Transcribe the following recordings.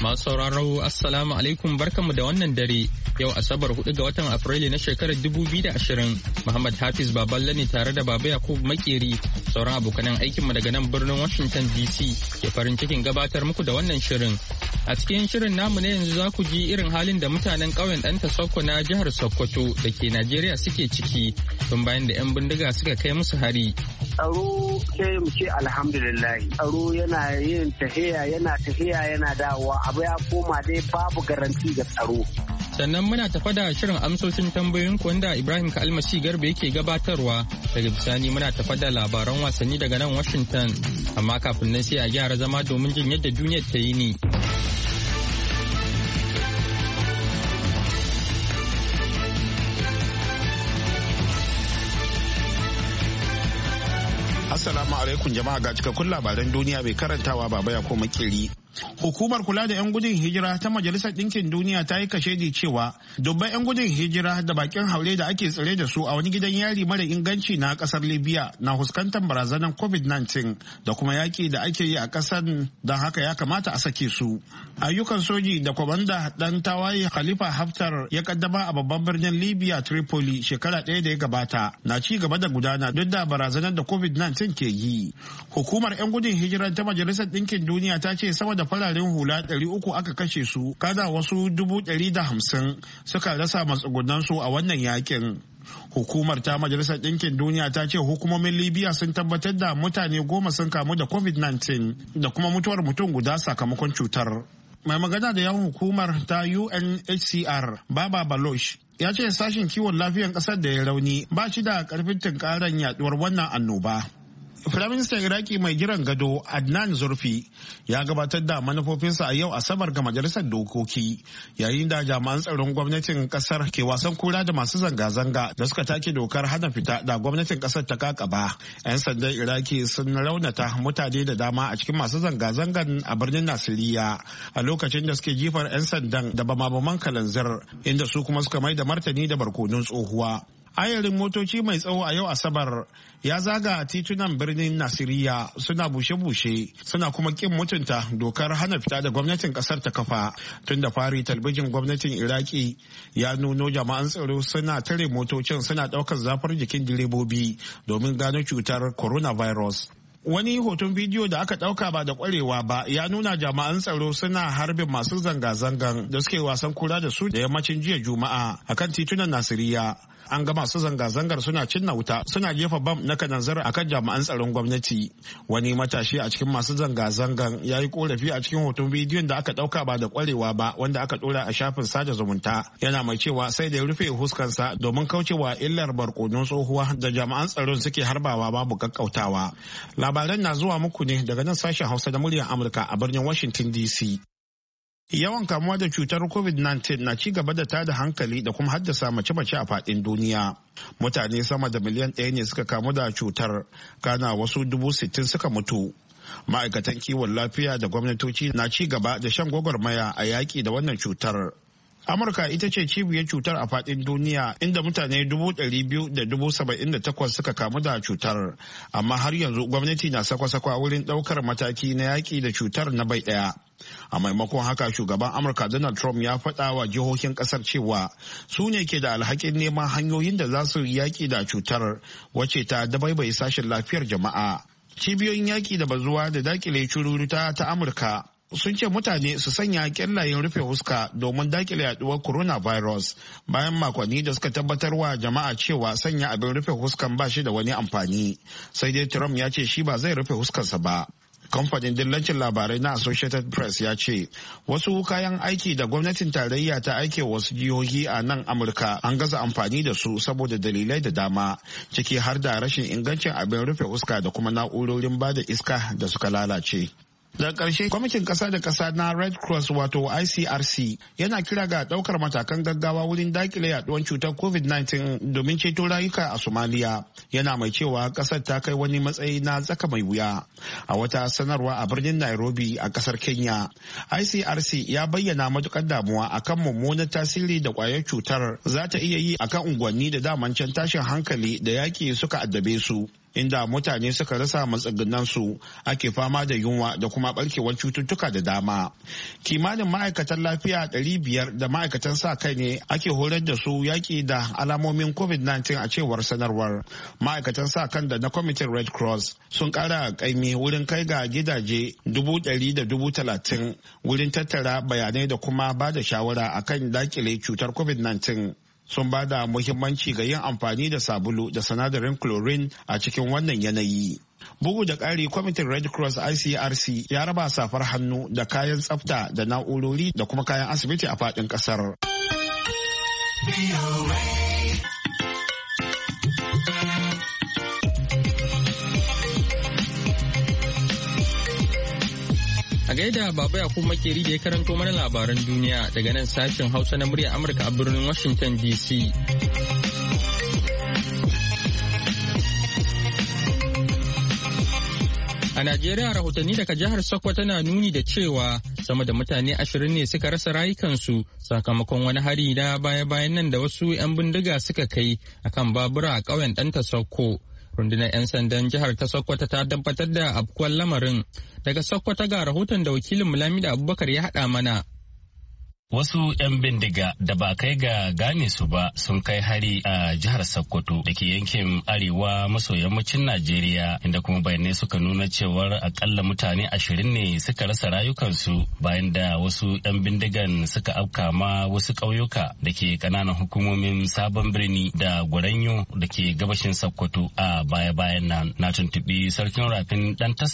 Masu sauraro Assalamu alaikum barkanmu da wannan dare yau Asabar 4 ga watan Afrilu na shekarar 2020 Muhammad Hafiz Baballe ne tare da Baba Yakub Makeri sauran abokanan aikinmu daga nan birnin Washington DC ke farin cikin gabatar muku da wannan shirin. A cikin shirin namu na yanzu za ku ji irin halin da mutanen ƙauyen ɗanta Sokko na jihar Sokoto da ke Najeriya suke ciki tun bayan da 'yan bindiga suka kai musu hari. Aro sai mu ce alhamdulillah. Aro yana yin tahiya yana tahiya yana dawowa abu ya koma dai babu garanti ga tsaro. Sannan muna tafa da shirin amsoshin tambayoyin wanda Ibrahim Kalmashi Garba yake gabatarwa daga bisani muna tafa da labaran wasanni daga nan Washington amma kafin nan sai a gyara zama domin jin yadda duniya ta yi ni. Assalamu alaikum jama'a ga cikakkun labaran duniya bai karantawa baba ya koma kiri. Hukumar kula da 'yan gudun hijira ta Majalisar Ɗinkin Duniya ta yi kashedi cewa dubban 'yan gudun hijira da bakin haure da ake tsare da su a wani gidan yari mara inganci na ƙasar Libya na fuskantar barazanar COVID-19 da kuma yaki da ake yi a kasar da haka ya kamata a sake su. Ayyukan soji da kwamanda ɗan tawaye Khalifa Haftar ya kaddama a babban birnin Libya Tripoli shekara ɗaya da ya gabata na ci gaba da gudana duk da barazanar da COVID-19 ke yi. Hukumar 'yan gudun hijira ta Majalisar Ɗinkin Duniya ta ce sama da da fararen hula 300 aka kashe su kada wasu 150 suka rasa su a wannan yakin. Hukumar ta Majalisar Ɗinkin Duniya ta ce hukumomin Libya sun tabbatar da mutane goma sun kamu da COVID-19 da kuma mutuwar mutum guda sakamakon cutar. Mai magana da yawon hukumar ta UNHCR Baba Baloch ya ce sashen kiwon lafiyan ƙasar da ya rauni ba shi da karfin tunkarar yaduwar wannan annoba. Firaministan Iraki mai giran gado Adnan Zurfi ya gabatar da manufofinsa a yau Asabar ga Majalisar Dokoki yayin da jami'an tsaron gwamnatin kasar ke wasan kura da masu zanga-zanga da suka take dokar hana fita da gwamnatin kasar ta kakaba. 'Yan sandan Iraki sun raunata mutane da dama a cikin masu zanga-zangan a birnin Nasiriya a lokacin da suke jifar 'yan sandan da bama-baman kalanzir inda su kuma suka mai da martani da barkonon tsohuwa. ayarin motoci mai tsawo a yau asabar ya zaga titunan birnin nasiriya suna bushe-bushe suna kuma kin mutunta dokar hana fita da gwamnatin kasar ta kafa tun da fari talbijin gwamnatin iraki ya nuno jama'an tsaro suna tare motocin suna daukar zafar jikin direbobi domin gano cutar coronavirus wani hoton bidiyo da aka dauka ba da kwarewa ba ya nuna jama'an tsaro suna harbin masu zanga-zangan da suke wasan kura da su da yammacin jiya juma'a akan titunan nasiriya an ga masu zanga-zangar suna cinna wuta suna jefa bam na kananzar akan jami'an tsaron gwamnati wani matashi a cikin masu zanga-zangan ya yi korafi a cikin hoton bidiyon da aka ɗauka ba da kwarewa ba wanda aka dora a shafin sada zumunta yana mai cewa sai da ya rufe huskansa domin kauce wa illar barkonon tsohuwa da jami'an tsaron suke harbawa babu kakkautawa labaran na zuwa muku ne daga nan sashen hausa da muryar amurka a birnin washington dc yawan kamuwa da cutar covid-19 na ci gaba da tada hankali da kuma haddasa mace-mace a fadin duniya mutane sama da miliyan ɗaya ne suka kamu da cutar kana wasu dubu sittin suka mutu ma'aikatan kiwon lafiya da gwamnatoci na ci gaba da shan gwagwarmaya a yaƙi da wannan cutar amurka ita ce cibiyar cutar a fadin duniya inda mutane dubu dubu biyu da da saba'in takwas suka kamu da cutar amma har yanzu gwamnati na sakwa-sakwa wurin ɗaukar mataki na yaƙi da cutar na bai ɗaya a maimakon haka shugaban amurka donald trump ya faɗa wa jihohin ƙasar cewa su ne ke da alhakin neman hanyoyin da za su yaƙi da cutar wacce ta dabaibaye sashen lafiyar jama'a cibiyoyin yaƙi da bazuwa da dakile cururuta ta amurka sun ce mutane su sanya kyallayen rufe huska domin dakile yaduwar coronavirus bayan makonni da suka tabbatar wa jama'a cewa sanya abin rufe huskan ba shi da wani amfani sai dai trump ya ce shi ba zai rufe huskarsa ba kamfanin dillancin labarai na associated press ya ce wasu kayan aiki da gwamnatin tarayya ta aike wasu jihohi a nan amurka an gaza amfani da su saboda dalilai da dama ciki har da rashin ingancin abin rufe uska da kuma na'urorin bada iska da suka lalace da ƙarshe kwamitin ƙasa da ƙasa na red cross wato icrc yana kira ga ɗaukar matakan gaggawa wurin dakile yaduwar cutar covid-19 domin ceto rayuka a somaliya yana mai cewa ƙasar ta kai wani matsayi na tsaka mai wuya a wata sanarwa a birnin nairobi a ƙasar kenya icrc ya bayyana matukar damuwa akan mummunar tasiri da ƙwayar cutar za ta iya yi akan unguwanni da daman can tashin hankali da yaƙi suka addabe su inda mutane suka rasa su ake fama da yunwa da kuma barkewar cututtuka da dama kimanin ma'aikatan lafiya biyar da ma'aikatan sa kai ne ake horar da su yaƙi da alamomin covid-19 a cewar sanarwar ma'aikatan sa kan da na kwamitin red cross sun ƙara kaimi wurin kai ga gidaje 100 da dubu talatin wurin tattara bayanai da kuma ba da shawara akan dakile cutar covid-19 sun ba da muhimmanci ga yin amfani da sabulu da sinadarin chlorine a cikin wannan yanayi. Bugu da ƙari kwamitin Red Cross ICRC ya raba safar hannu da kayan tsafta da na'urori da kuma kayan asibiti a faɗin ƙasar. A gaida Baba kuma Makeri da ya karanto mana labaran duniya daga nan sashen Hausa na murya Amurka a birnin Washington DC. A Najeriya rahotanni daga jihar Sokoto na nuni da cewa sama da mutane ashirin ne suka rasa rayukansu sakamakon wani hari na baya-bayan nan da wasu 'yan bindiga suka kai akan babura a ƙauyen ɗanta sokoto rundunar 'yan sandan jihar ta sokoto ta tabbatar da afkuwar lamarin daga sokoto ga rahoton da wakilin mulamida abubakar ya haɗa mana Wasu 'yan bindiga da ba kai ga gane su ba sun kai hari a jihar Sokoto da ke yankin arewa maso yammacin Najeriya inda kuma bayanai suka nuna cewar akalla mutane ashirin ne suka rasa rayukansu bayan da wasu 'yan bindigan suka afka ma wasu ƙauyuka da ke ƙananan hukumomin sabon birni da Gwaranyo da ke gabashin Sokoto a baya-bayan nan. Na tuntuɓi sarkin rafin ɗan ta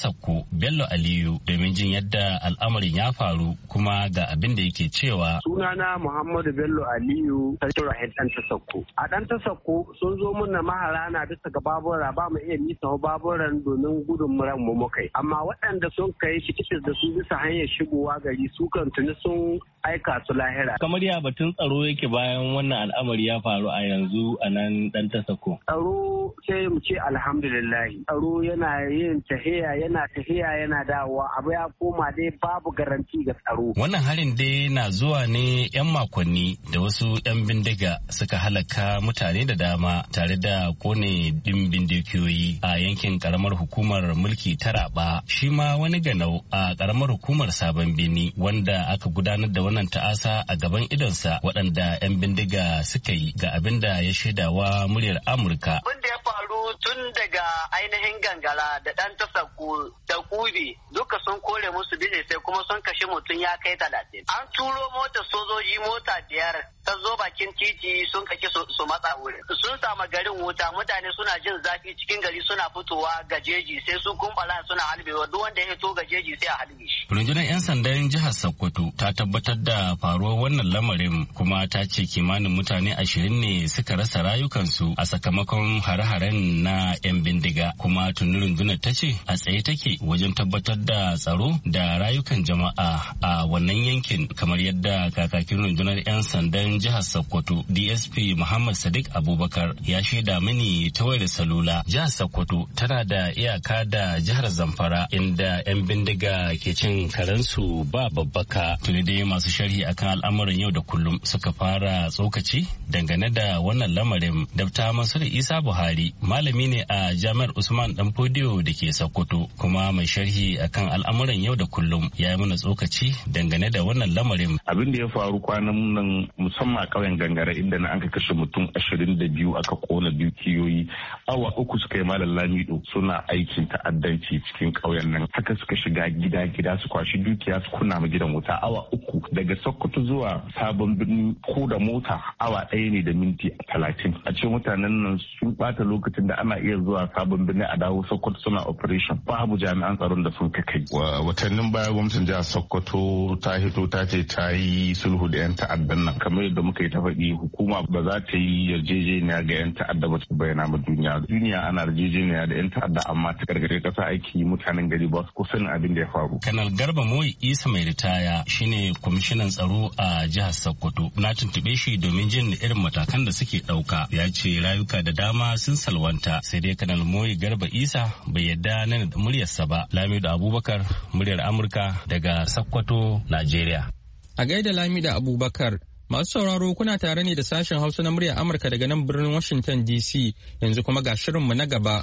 Bello Aliyu domin jin yadda al'amarin ya faru kuma ga abin da yake cewa ba. Sunana Muhammadu Bello Aliyu Sarkin Rahid ɗan ta Sakko. A ɗan ta Sakko sun zo na mahara na bisa ga babura ba mu iya nisa baburan domin gudun ran mu mukai. Amma waɗanda sun kai shikitis da su bisa hanyar shigowa gari su kan tuni sun aika su lahira. Kamar ya batun tsaro yake bayan wannan al'amari ya faru a yanzu a nan ɗan ta Sakko. Tsaro sai mu ce alhamdulillah. Tsaro yana yin tahiya yana tahiya yana dawowa abu ya koma dai babu garanti ga tsaro. Wannan harin dai na zuwa zuwa ne 'yan makonni da wasu 'yan bindiga suka halaka mutane da dama tare da kone dimbin dukiyoyi a yankin karamar hukumar mulki ta raba shi ma wani ganau a karamar hukumar sabon bini wanda aka gudanar da wannan ta'asa a gaban idonsa waɗanda 'yan bindiga suka yi ga abin da ya shaidawa muryar amurka. Wanda ya faru tun daga ainihin gangara da ɗan tasakku da ƙubi, duka sun kore musu bile sai kuma sun kashe mutum ya kai talatin. An turo mota sojoji mota biyar ta zo bakin titi sun kake su matsa wurin sun samu garin wuta mutane suna jin zafi cikin gari suna fitowa gajeji sai sun kumbala suna halbewa duk wanda ya fito gajeji sai a halbe shi rundunar yan sandan jihar sokoto ta tabbatar da faruwar wannan lamarin kuma ta ce kimanin mutane ashirin ne suka rasa rayukansu a sakamakon hare-haren na yan bindiga kuma tuni rundunar ta ce a tsaye take wajen tabbatar da tsaro da rayukan jama'a a wannan yankin kamar yadda kakakin rundunar yan sandan jihar Sokoto DSP Muhammad Sadiq Abubakar ya shaida mini ta wayar salula. Jihar Sokoto tana da iyaka da jihar Zamfara inda 'yan bindiga ke cin karensu ba babbaka. Tuni dai masu sharhi akan al'amuran yau da kullum suka fara tsokaci dangane da wannan lamarin. Dabta Mansur Isa Buhari malami ne a Jami'ar Usman fodiyo da ke Sokoto kuma mai sharhi akan al'amuran yau da kullum ya yi mana tsokaci dangane da wannan lamarin. Abin da ya faru kwanan nan musamman musamman kauyen gangara inda na an kashe mutum ashirin da biyu aka kona dukiyoyi awa uku suka yi malam lamido suna aikin ta'addanci cikin kauyen nan haka suka shiga gida gida su kwashi dukiya su kunna ma gidan wuta awa uku daga sokoto zuwa sabon birni ko da mota awa ɗaya ne da minti talatin a ce mutanen nan sun bata lokacin da ana iya zuwa sabon birni a dawo sokoto suna operation babu jami'an tsaron da sun kai watannin baya gwamnatin jihar sokoto ta hito ta ce ta yi sulhu da 'yan ta'addan nan kamar yadda muka yi ta faɗi hukuma ba za ta yi yarjejeniya ga 'yan ta'adda ba ta bayyana ma duniya duniya ana yarjejeniya da 'yan ta'adda amma ta gargaɗe ƙasa aiki mutanen gari ba su kusa abin da ya faru. kanal garba moyi isa mai ritaya shine kwamishinan tsaro a jihar sokoto na tuntuɓe shi domin jin irin matakan da suke ɗauka ya ce rayuka da dama sun salwanta sai dai kanal moyi garba isa bai yadda na muryarsa ba lamido abubakar muryar amurka daga sokoto najeriya a gaida lamida abubakar Masu sauraro kuna tare ne da sashen Hausa na murya Amurka daga nan birnin Washington DC yanzu kuma ga shirinmu na gaba.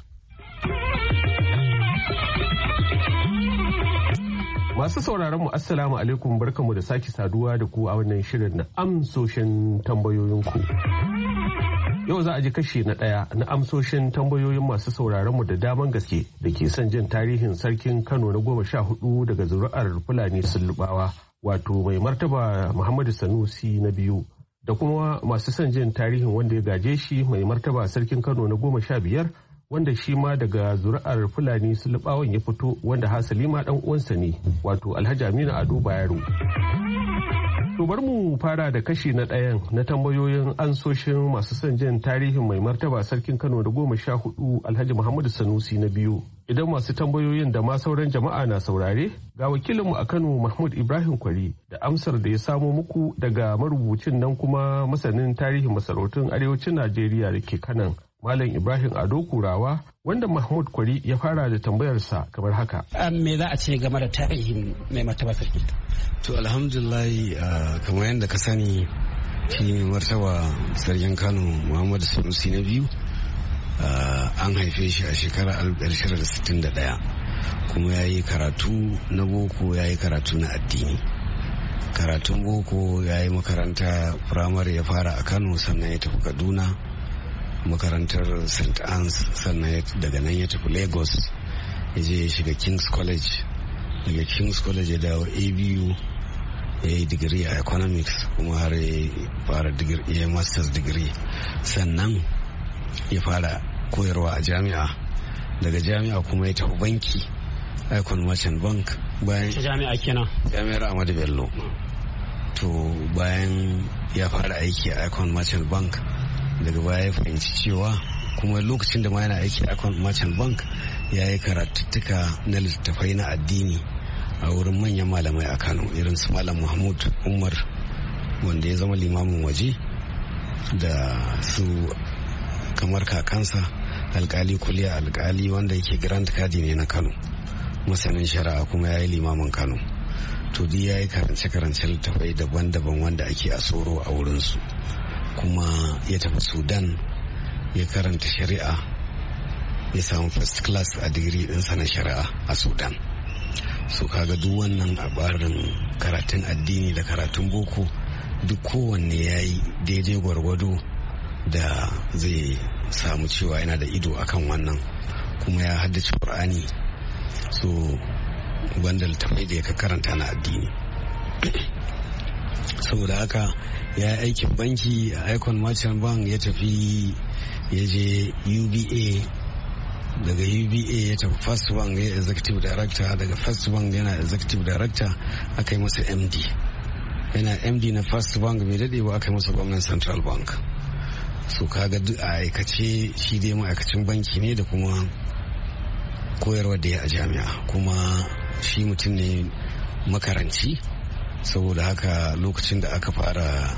Masu sauraronmu Assalamu alaikum barkamu da sake saduwa da ku a wannan shirin na amsoshin tambayoyinku. Yau za a ji kashe na ɗaya na amsoshin tambayoyin masu sauraronmu da daman gaske da ke son jin tarihin sarkin Kano na goma sha hudu daga zuri'ar Fulani Sulubawa wato mai martaba Muhammadu Sanusi na biyu da kuma masu son jin tarihin wanda ya gaje shi mai martaba sarkin Kano na goma sha biyar wanda shi ma daga zuri'ar Fulani Sulubawan ya fito wanda hasali ma dan uwansa ne wato Alhaji Aminu Ado Bayero. To bar mu fara da kashi na ɗayan na tambayoyin ansoshin masu son jin tarihin mai martaba sarkin Kano da goma sha hudu Alhaji Muhammadu Sanusi na biyu. idan masu tambayoyin da ma sauran jama'a na saurare ga wakilinmu a kano mahmud ibrahim kwari da amsar da ya samo muku daga marubucin nan kuma masanin tarihin masarautun arewacin najeriya da ke kanan malam ibrahim ado kurawa wanda mahmud kwari ya fara da tambayarsa kamar haka me za a ce game da tarihin mai martaba sarki to alhamdulillah ah, kamar yadda ka sani shi martaba sarkin kano muhammadu sanusi na biyu Eh, an haife shi a shekarar 1961 kuma ya yi karatu na boko ya yi karatu na addini karatun boko ya yi makaranta firamare ya fara a kano sannan ya tafi kaduna makarantar st anne's sannan daga nan ya tafi lagos ya je ya shiga king's college daga king's college ya dawo abu ya yi digiri a economics kuma har ya fara digiri masters digiri sannan ya fara koyarwa a jami'a daga jami'a kuma ya tafi banki icon merchant bank bayan jami'a kenan jami'ar ahmadu bello to bayan ya fara aiki a icon merchant bank daga baya ya fahimci cewa kuma lokacin da ma yana aiki a icon merchant bank ya yi karatuttuka na littattafai na addini a wurin manyan malamai a kano irin su malam mahmud umar wanda ya zama limamin waje da su kamar kakansa alkali kuliya alkali wanda yake grand kadi ne na kano masanin shari'a kuma ya yi limamin kano to duk ya yi karance-karance littafai daban-daban wanda ake a tsoro a wurinsu kuma ya tafi sudan ya karanta shari'a ya samu first class a digiri ɗinsa na shari'a a sudan su kaga duk wannan abarin karatun addini da karatun boko duk kowanne ya yi daidai gwargwado da zai samu cewa yana da ido akan wannan kuma ya haddace qur'ani so banda littafai da ya karanta na addini saboda haka ya yi aikin banki a icon merchant bank ya tafi ya je uba daga uba ya tafi first bank ya executive director daga first bank yana executive director aka yi masa md yana md na first bank mai dadewa aka yi masa gwamnan central bank su kaga duk a aikace shi dai ma'aikacin banki ne da kuma koyarwa da ya a jami'a kuma shi mutum ne makaranci saboda haka lokacin da aka fara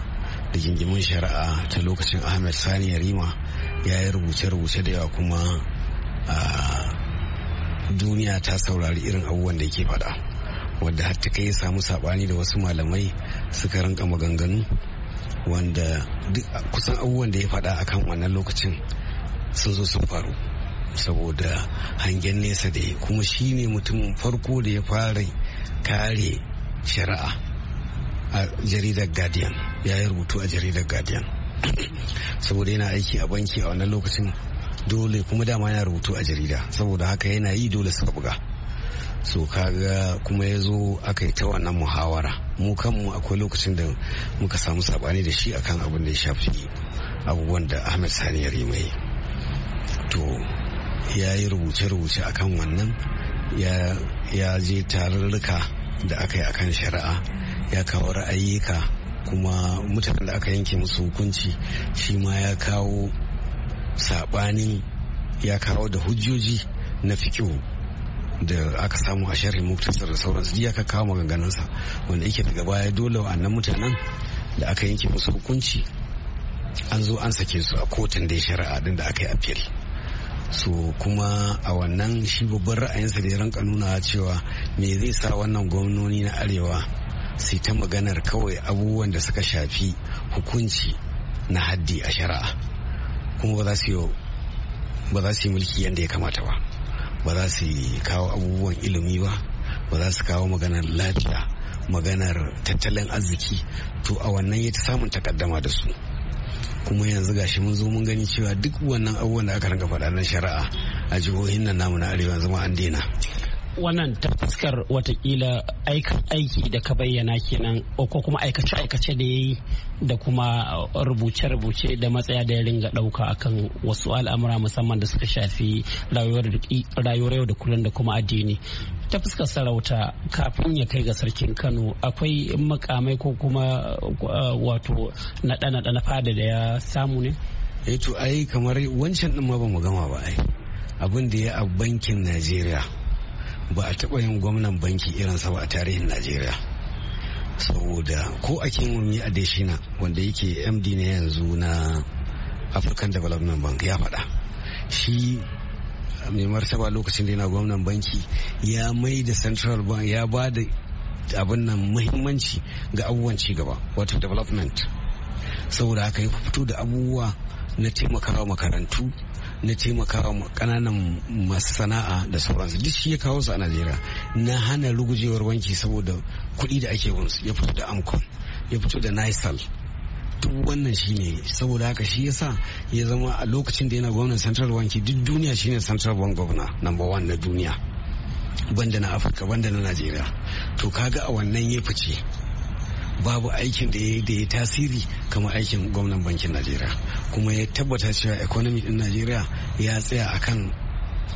da gingimin shari'a ta lokacin ahmed sani yarima ya yi rubuce-rubuce da yawa kuma a duniya ta saurari irin abubuwan da yake faɗa wadda har ta kai samu saɓani da wasu malamai suka rinka maganganu wanda duk kusan abubuwan da ya faɗa kan wannan lokacin sun zo sun faru saboda hangen nesa da ya kuma shi ne mutumin farko da ya fara kare shari'a a jaridar guardian ya yi rubutu a jaridar guardian saboda yana aiki a banki a wannan lokacin dole kuma dama yana rubutu a jarida saboda haka yana yi dole suka buga so kaga kuma ya zo aka yi ta wannan muhawara mu kanmu akwai lokacin da muka samu sabani da shi akan abin da ya shafi abubuwan da ahmed sani ya mai to ya yi rubuce-rubuce akan wannan ya je tarurruka da aka yi akan shari'a ya kawo ra'ayyuka kuma mutanen da aka yanke musu hukunci shi ma ya kawo sabanin ya kawo da hujjoji na fikihu da aka samu a sharhin muktasar da sauransu ya ka kawo maganganunsa wanda yake daga baya dole wa'annan mutanen da aka yanke musu hukunci an zo an sake su a kotun da shari'a din da aka yi afiyar so kuma a wannan shi babban ra'ayinsa da ya ranka nuna cewa me zai sa wannan gwamnoni na arewa sai ta maganar kawai abubuwan da suka shafi hukunci na haddi a shari'a kuma ba za su yi mulki yadda ya kamata ba ba za su kawo abubuwan ilimi ba ba za su kawo maganar lafiya maganar tattalin arziki to a wannan ya ta samun takaddama da su kuma yanzu gashi mun zo mun gani cewa duk wannan abubuwan da aka rinka faɗa na shari'a a jihohin nan namu na arewa zama an daina wannan ta fuskar watakila aiki da ka bayyana kenan ko kuma aikace-aikace da ya yi da kuma rubuce-rubuce da matsaya da ya ringa ɗauka akan wasu al'amura musamman da suka shafi rayuwar yau da kullum da kuma addini ta fuskar sarauta kafin ya kai ga sarkin kano akwai makamai ko kuma uh, wato naɗa-naɗa na fada da ya samu ne? Eh to ai kamar wancan ɗin ma ba mu gama ba ai abin da ya a bankin najeriya ba a taɓa yin gwamnan banki irin sa ba a tarihin najeriya saboda ko a kinwumi a deshina wanda yake md na yanzu na african development bank ya faɗa shi mai martaba lokacin da yana gwamnan banki ya mai da central bank ya ba da abin nan muhimmanci ga abubuwan gaba wato development saboda haka ya fito da abubuwa na taimakawa makarantu na taimakawa kananan masu sana'a da sauransu duk shi ya kawo su a najeriya na hana rugujewar wanki saboda kuɗi da ake wansu ya fito da amcon ya fito da nisal duk wannan shi ne saboda haka shi ya sa ya zama a lokacin da yana gwamnan central wanki duk duniya shine central bank governor number one na duniya banda na afirka banda na najeriya to kaga a wannan ya fice babu aikin da ya yi tasiri kamar aikin gwamnan bankin najeriya kuma ya tabbata cewa economy din najeriya ya tsaya akan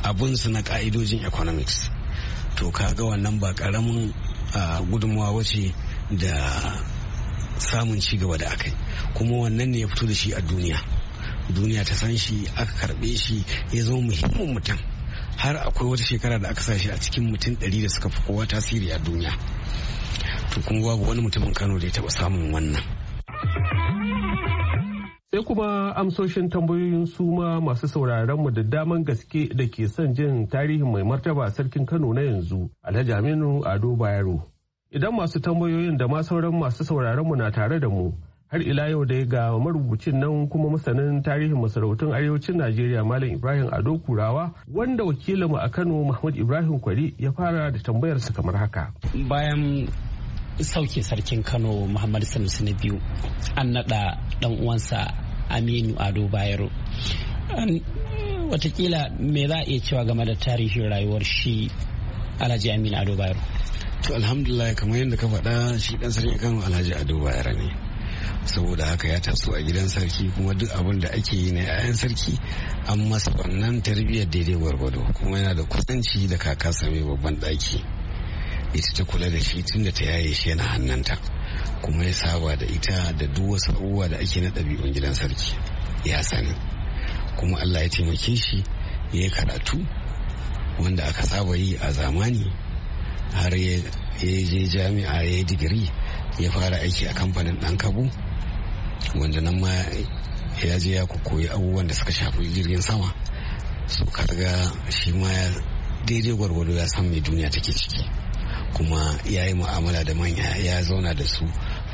abinsu na ka'idojin economics to kaga wannan ba karamin gudunmawa wace da samun cigaba da aka yi kuma wannan ne ya fito da shi a duniya duniya ta san shi aka karbe shi ya zama muhimmin mutum har akwai wata shekara da aka sa shi a cikin mutum 100 da suka fi kowa tasiri a duniya to kuma babu wani mutumin kano da ya taba samun wannan sai kuma amsoshin tambayoyin suma masu sauraron mu da daman gaske da ke son jin tarihin mai martaba sarkin kano na yanzu alhaji aminu ado bayero idan masu tambayoyin da ma sauran masu sauraron mu na tare da mu har ila yau dai ga marubucin nan kuma masanin tarihin masarautun arewacin najeriya malam ibrahim ado kurawa wanda wakilinmu a kano mahmud ibrahim kwari ya fara da tambayarsa kamar haka bayan sauke sarkin kano muhammadu sanusi na biyu an naɗa ɗan uwansa aminu ado bayero watakila me za a iya cewa game da tarihin rayuwar shi alhaji aminu ado bayero to alhamdulillah kamar yadda ka faɗa shi ɗan sarki kano alhaji ado bayero ne saboda haka ya taso a gidan sarki kuma duk abin da ake yi na 'ya'yan sarki an masa wannan tarbiyyar daidai gwargwado kuma yana da kusanci da kaka same babban ɗaki ita ta kula da shi tun da ta yaye shi yana hannunta kuma ya saba da ita da duk wasu abubuwa da ake na ɗabi'un gidan sarki ya sani kuma allah ya taimake shi ya karatu wanda aka saba yi a zamani har ya je jami'a ya yi digiri ya fara aiki a kamfanin ɗan kabu wanda nan ma ya je ya koyi abubuwan da suka shafi jirgin sama su karga shi ma ya daidai gwargwado ya san mai duniya take ciki kuma ya yi mu'amala da manya ya zauna da su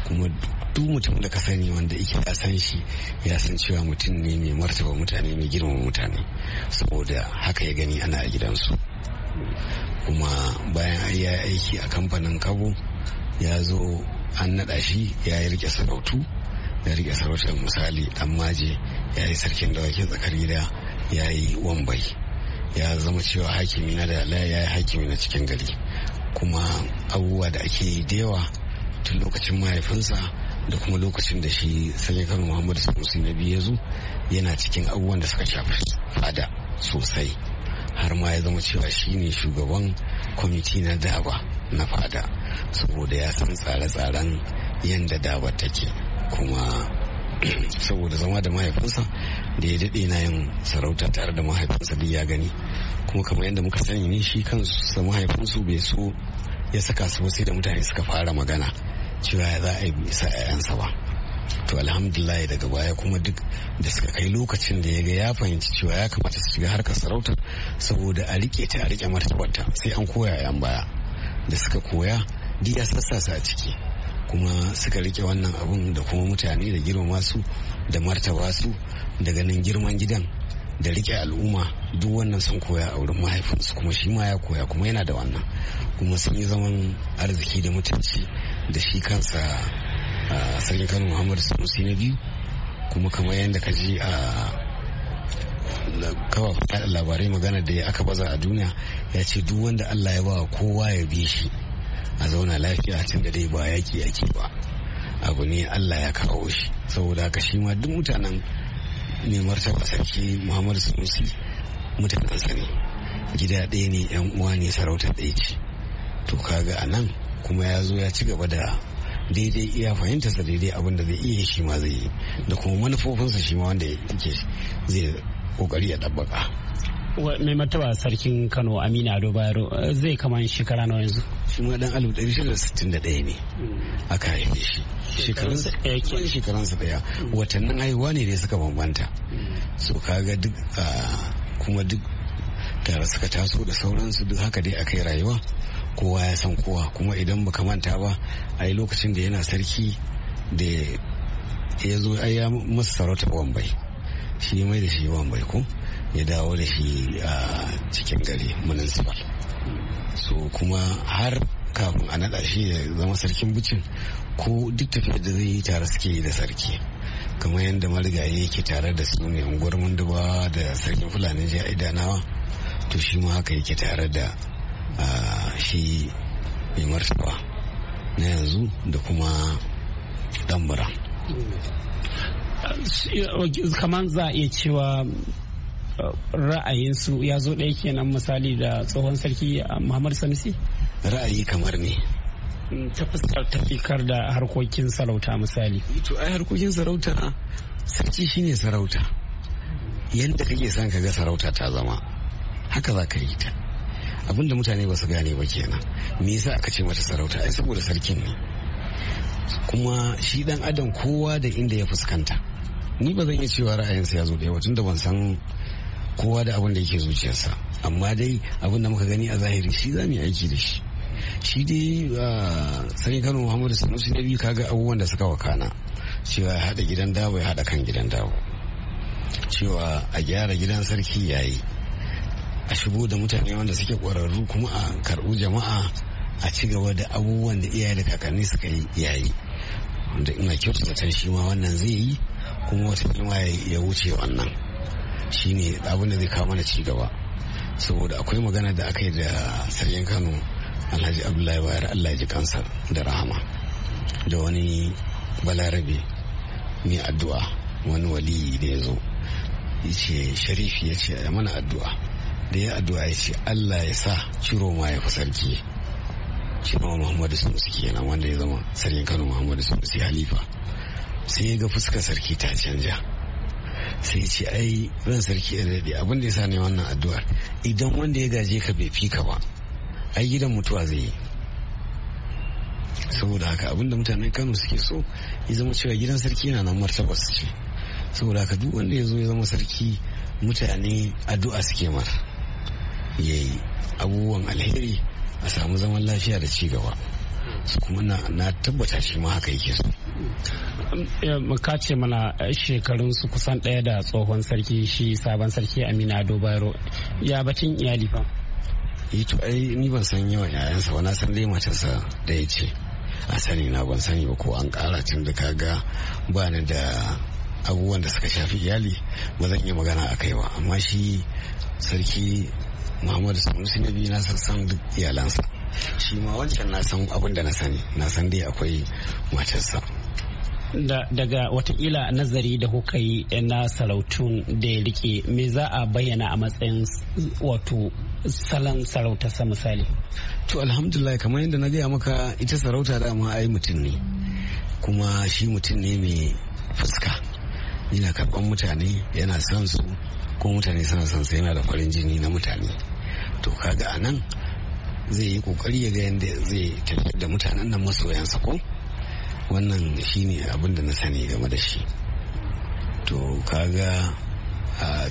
kuma duk mutum da ka sani wanda yake a san shi ya san cewa mutum ne mai martaba mutane mai girmama mutane saboda haka ya gani ana a gidansu kuma bayan ya aiki a kamfanin kabo ya zo an naɗa shi ya yi rike sarautu ya rike sarautar misali dan maje ya yi sarkin dawakin tsakar gida ya yi wambai ya zama cewa hakimi na da ya yi hakimi na cikin gari kuma abubuwa da ake yi da yawa tun lokacin mahaifinsa da kuma lokacin da shi kano muhammadu sanusi na biyu ya zo yana cikin abubuwan da suka shafi fada sosai har ma ya zama cewa shi ne shugaban kwamiti na daba na fada saboda ya san tsare-tsaren yadda daba take kuma saboda zama da mahaifinsa da ya daɗe na yin sarauta tare da mahaifinsa duk ya gani kuma kamar yadda muka sani ne shi kansu mahaifinsu bai so ya saka su ba sai da mutane suka fara magana cewa za a yi bisa 'ya'yansa ba to alhamdulillah daga baya kuma duk da suka kai lokacin da ya ga ya fahimci cewa ya kamata su shiga harkar sarauta saboda a rike ta a rike martabarta sai an koya yan baya da suka koya duk ya sassasa a ciki kuma suka rike wannan abun da kuma mutane da girmama su da martaba su da ganin girman gidan da rike al'umma duk wannan sun koya a wurin mahaifinsu kuma shi ma ya koya kuma yana da wannan kuma sun yi zaman arziki da mutunci da shi kansa sarki kano muhammadu sanusi na biyu kuma kamar yadda ka ji a kafafen yaɗa labarai magana da aka baza a duniya ya ce duk wanda allah ya ba kowa ya bi shi a zauna lafiya tun da dai ba yaki yaki ba abu ne allah ya kawo shi saboda haka shi ma duk mutanen mai martaba sarki muhammadu sanusi mutanensa ne gida ɗaya ne yan uwa ne sarauta ɗaya ce to kaga a nan kuma ya zo ya ci gaba da daidai iya sa daidai abinda da zai iya shi ma zai yi da kuma manufofinsa shi ma wanda yake zai kokari ya ɗabbaka mai martaba sarkin kano amina ado bayero zai kama shekara nawa yanzu shi ma dan alif ɗari da sittin da ɗaya ne hmm. aka haife shi shekaransa ɗaya mm. watannin haihuwa ne da suka bambanta mm. so kaga duk kuma duk tare suka taso da sauransu duk haka dai akai rayuwa kowa ya san kowa kuma idan baka manta ba a yi lokacin da yana sarki da ya zo aya ya masa sarauta wambai shi mai da shi wambai ko ya dawo da shi a cikin gari municipal mm. so kuma har kafin a naɗa shi ya zama sarkin bucin ko duk tafiyar da zai yi tare suke yi da sarki kamar yadda marigayi yake tare da su ne unguwar munduba da sarkin fulani jiya idanawa to shi ma haka yake tare da shi mai martaba na yanzu da kuma dambara kamar za a iya cewa ra'ayinsu ya zo ɗaya kenan misali da tsohon sarki muhammad sanusi ra'ayi kamar ne mm, ta fuskar tafikar da harkokin sarauta misali eh to ai harkokin sarauta sarki shine sarauta yadda kake son ka ga sarauta ta zama haka za ka yi ta abinda mutane ba su gane ba kenan me yasa aka ce mata sarauta ai saboda sarkin ne kuma shi dan adam kowa da inda ya fuskanta ni ba zan iya cewa ra'ayinsa ya zo da yawa tunda ban san kowa da abin da yake zuciyarsa amma dai abin da muka gani a zahiri shi za mu yi aiki da shi shi dai ah, sani kano muhammadu sanusi na biyu kaga abubuwan da suka wakana cewa ya haɗa gidan dawo ya haɗa kan gidan dawo cewa a gyara gidan sarki yayi a shigo da mutane wanda suke ƙwararru kuma a karɓu jama'a a ci gaba da abubuwan da iyaye da kakanni suka yi yayi wanda ina kyautu zaton shi ma wannan zai yi kuma wata kima ya wuce wannan shine ne da zai kawo mana ci gaba saboda akwai magana da aka yi da sarkin kano alhaji abdullahi bayar allah ji kansa da rahama da wani balarabe mai addu'a wani waliyi da ya zo ce sharifi ya ce a mana addu'a da ya addu'a ya ce allah ya sa ciro ma ya fi sarki shi ba muhammadu sunusi kenan wanda ya zama sarkin kano muhammadu sunusi halifa sai ya ga fuskar sarki ta canja sai ce ai ran sarki ya daɗe abinda ya sa ne wannan addu'ar idan wanda ya gaje ka bai fi ka ba ai gidan mutuwa zai yi saboda haka abinda mutanen kano suke so ya zama cewa gidan sarki yana nan martabas ce saboda haka duk wanda ya zo ya zama sarki mutane addu'a suke mar ya yi abubuwan alheri a samu zaman lafiya da ci gaba su kuma na tabbata shi ma haka yake so ka ce mana eh, shekarun su kusan ɗaya da tsohon sarki shi sabon sarki amina ado bayero ya bacin iyali fa yi eh to ai ni ban san yawan yayansa ba na san dai matarsa da ya ce a sani na ban sani ba ko an kara tun da kaga ba ni da abubuwan da suka shafi iyali ba zan iya magana a kai ba amma shi sarki muhammadu sanusi na biyu na san duk iyalansa shi ma wancan na san abin da na sani na san dai akwai matarsa daga watakila nazari da kuka na sarautun da ya rike me za a bayyana a matsayin wato salon sarauta sa misali to alhamdulillah kamar yadda na gaya maka ita sarauta da dama ai mutum ne kuma shi mutum ne mai fuska yana karban mutane yana son su ko mutane suna son sa yana da farin jini na mutane to kaga anan zai yi kokari ya ga yadda zai tafi da mutanen nan masoyansa ko wannan shine abin da na sani game da shi to kaga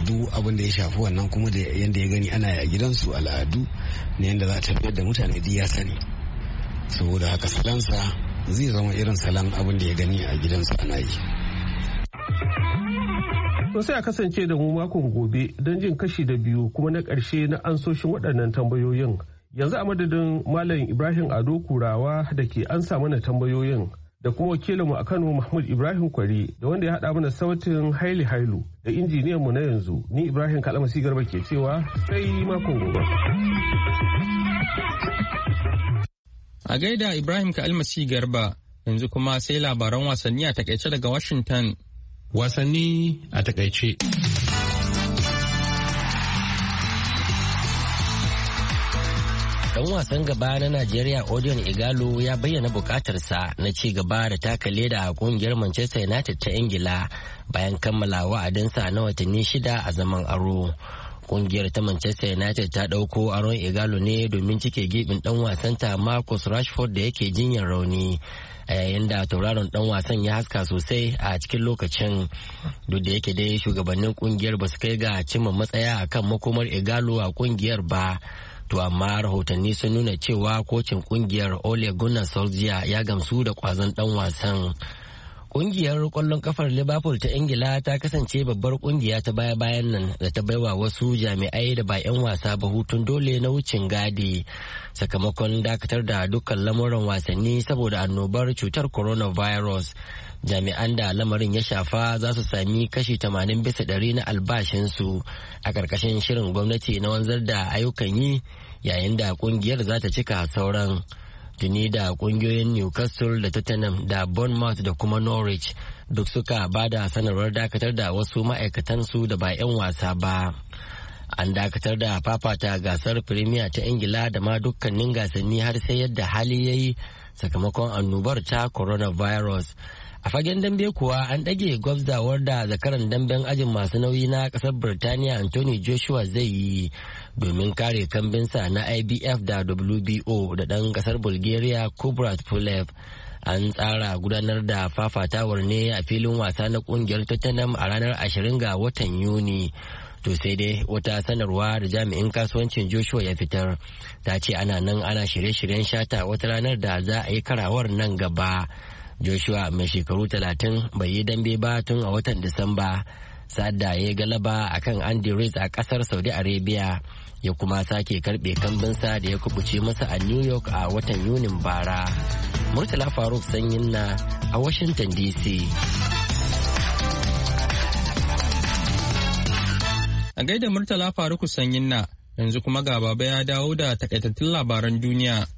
duk abin ya shafi wannan kuma da yadda ya gani ana a gidansu al'adu na yadda za a tafiyar da mutane duk ya sani saboda haka salansa zai zama irin salan abinda ya gani a gidansu ana yi to sai a kasance da mu makon gobe don jin kashi da biyu kuma na ƙarshe na ansoshin waɗannan tambayoyin yanzu a madadin malam ibrahim ado kurawa da ke ansa mana tambayoyin da kuma wakilinmu a Kano Mahmud Ibrahim Kwari da wanda ya haɗa mana sautin Haili Hailu da injiniyan mu na yanzu ni Ibrahim Kalama Garba ke cewa sai makon gobe. A gaida Ibrahim Kalmasi Garba yanzu kuma sai labaran wasanni a takaice daga Washington. Wasanni a takaice. Dan wasan gaba na Najeriya Odion Igalo ya bayyana bukatarsa na ci gaba da taka leda a kungiyar Manchester United ta Ingila bayan kammala wa'adinsa na watanni shida a zaman aro. Kungiyar ta Manchester United ta ɗauko aron Igalo ne domin cike gibin ɗan wasanta Marcus Rashford da yake jinyar rauni. a yayin da tauraron dan wasan ya haska sosai a cikin lokacin duk da yake dai shugabannin kungiyar ba su kai ga cimma matsaya a kan makomar igalo a kungiyar ba To amma rahotanni sun nuna cewa kocin kungiyar Ole Gunnar Solskjaer ya gamsu da kwazon dan wasan. Kungiyar kwallon kafar Liverpool ta Ingila ta kasance babbar kungiya ta baya-bayan nan da ta baiwa wasu jami'ai da ba 'yan wasa ba hutun dole na wucin gadi sakamakon dakatar da dukkan lamuran wasanni saboda annobar cutar coronavirus. jami'an da lamarin ya shafa za su sami kashi 80 bisa ɗari na albashinsu a ƙarƙashin shirin gwamnati na wanzar da ayyukan yi yayin da ƙungiyar za ta cika sauran tuni da ƙungiyoyin newcastle da tottenham da bournemouth da kuma norwich duk suka ba da sanarwar dakatar da wasu ma'aikatansu da ba 'yan wasa ba an dakatar da fafata gasar firimiya ta ingila da ma dukkanin gasanni har sai yadda hali ya yi sakamakon annubar ta coronavirus a fagen dambe kuwa an ɗage gwabzawar da zakaran damben ajin masu nauyi na ƙasar birtaniya anthony joshua zai yi domin kare kambinsa na ibf da wbo da ɗan ƙasar bulgaria kubrat pulev an tsara gudanar da fafatawar ne a filin wasa na ƙungiyar tottenham a ranar 20 ga watan yuni to sai dai wata sanarwa da jami'in kasuwancin joshua ya fitar ta ce ana nan ana shirye-shiryen shata wata ranar da za a yi karawar nan gaba joshua mai shekaru talatin bai yi dambe ba tun a watan disamba sadda ya galaba akan andy reid a kasar saudi arabia ya kuma sake karbe kambinsa da ya kubuce masa a new york a watan yunin bara murtala faruk sanyin na a washington dc a gaida murtala faruk sanyin na yanzu kuma ga baba ya dawo da takaitattun labaran duniya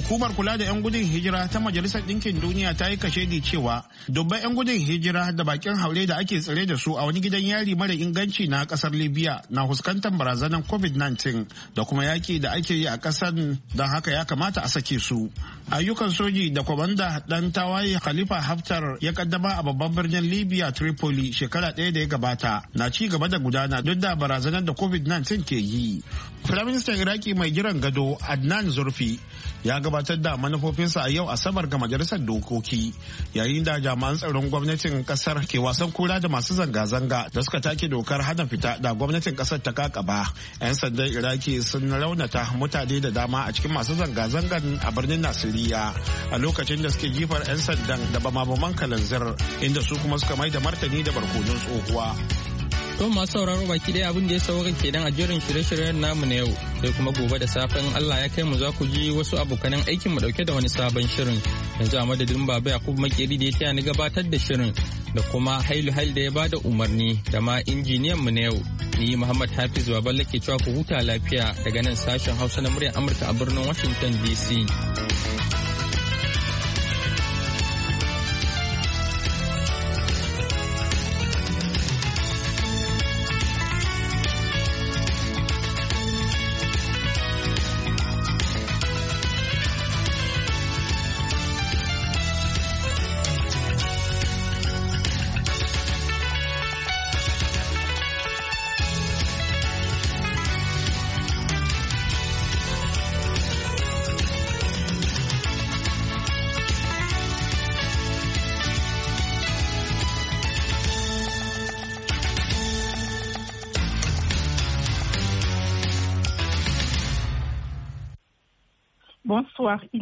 Hukumar kula da 'yan gudun hijira ta Majalisar Ɗinkin Duniya ta yi kashedi cewa dubban 'yan gudun hijira da bakin haure da ake tsare da su a wani gidan yari mara inganci na ƙasar Libya na fuskantar barazanar COVID-19 da kuma yaƙi da ake yi a ƙasar da haka ya kamata a sake su. Ayyukan soji da kwamanda ɗan tawaye Khalifa Haftar ya kaddama a babban birnin Libya Tripoli shekara ɗaya da ya gabata na ci gaba da gudana duk da barazanar da COVID-19 ke yi. Firaministan Iraki mai jiran gado Adnan Zurfi ya gabatar da manufofinsa a yau asabar ga majalisar dokoki yayin da jami'an tsaron gwamnatin kasar ke wasan kura da masu zanga-zanga da suka take dokar hana fita da gwamnatin kasar ta kakaba 'yan sandan iraki sun raunata mutane da dama a cikin masu zanga zangan a birnin nasiriya a lokacin da suke jifar 'yan sandan da bama-baman kalanzir inda su kuma suka mai da martani da barkonin tsohuwa To masu sauraro baki ɗaya abin da ya sauka kenan a jerin shirye-shiryen namu na yau sai kuma gobe da safen Allah ya kai mu za ku ji wasu abokanan aikin mu dauke da wani sabon shirin yanzu a madadin baba yakub Makeri da ya taya ni gabatar da shirin da kuma Hailu Hail da ya bada umarni da ma injiniyan mu na yau ni Muhammad Hafiz Baba ke cewa ku huta lafiya daga nan sashen Hausa na muryar Amurka a birnin Washington DC. pouvoir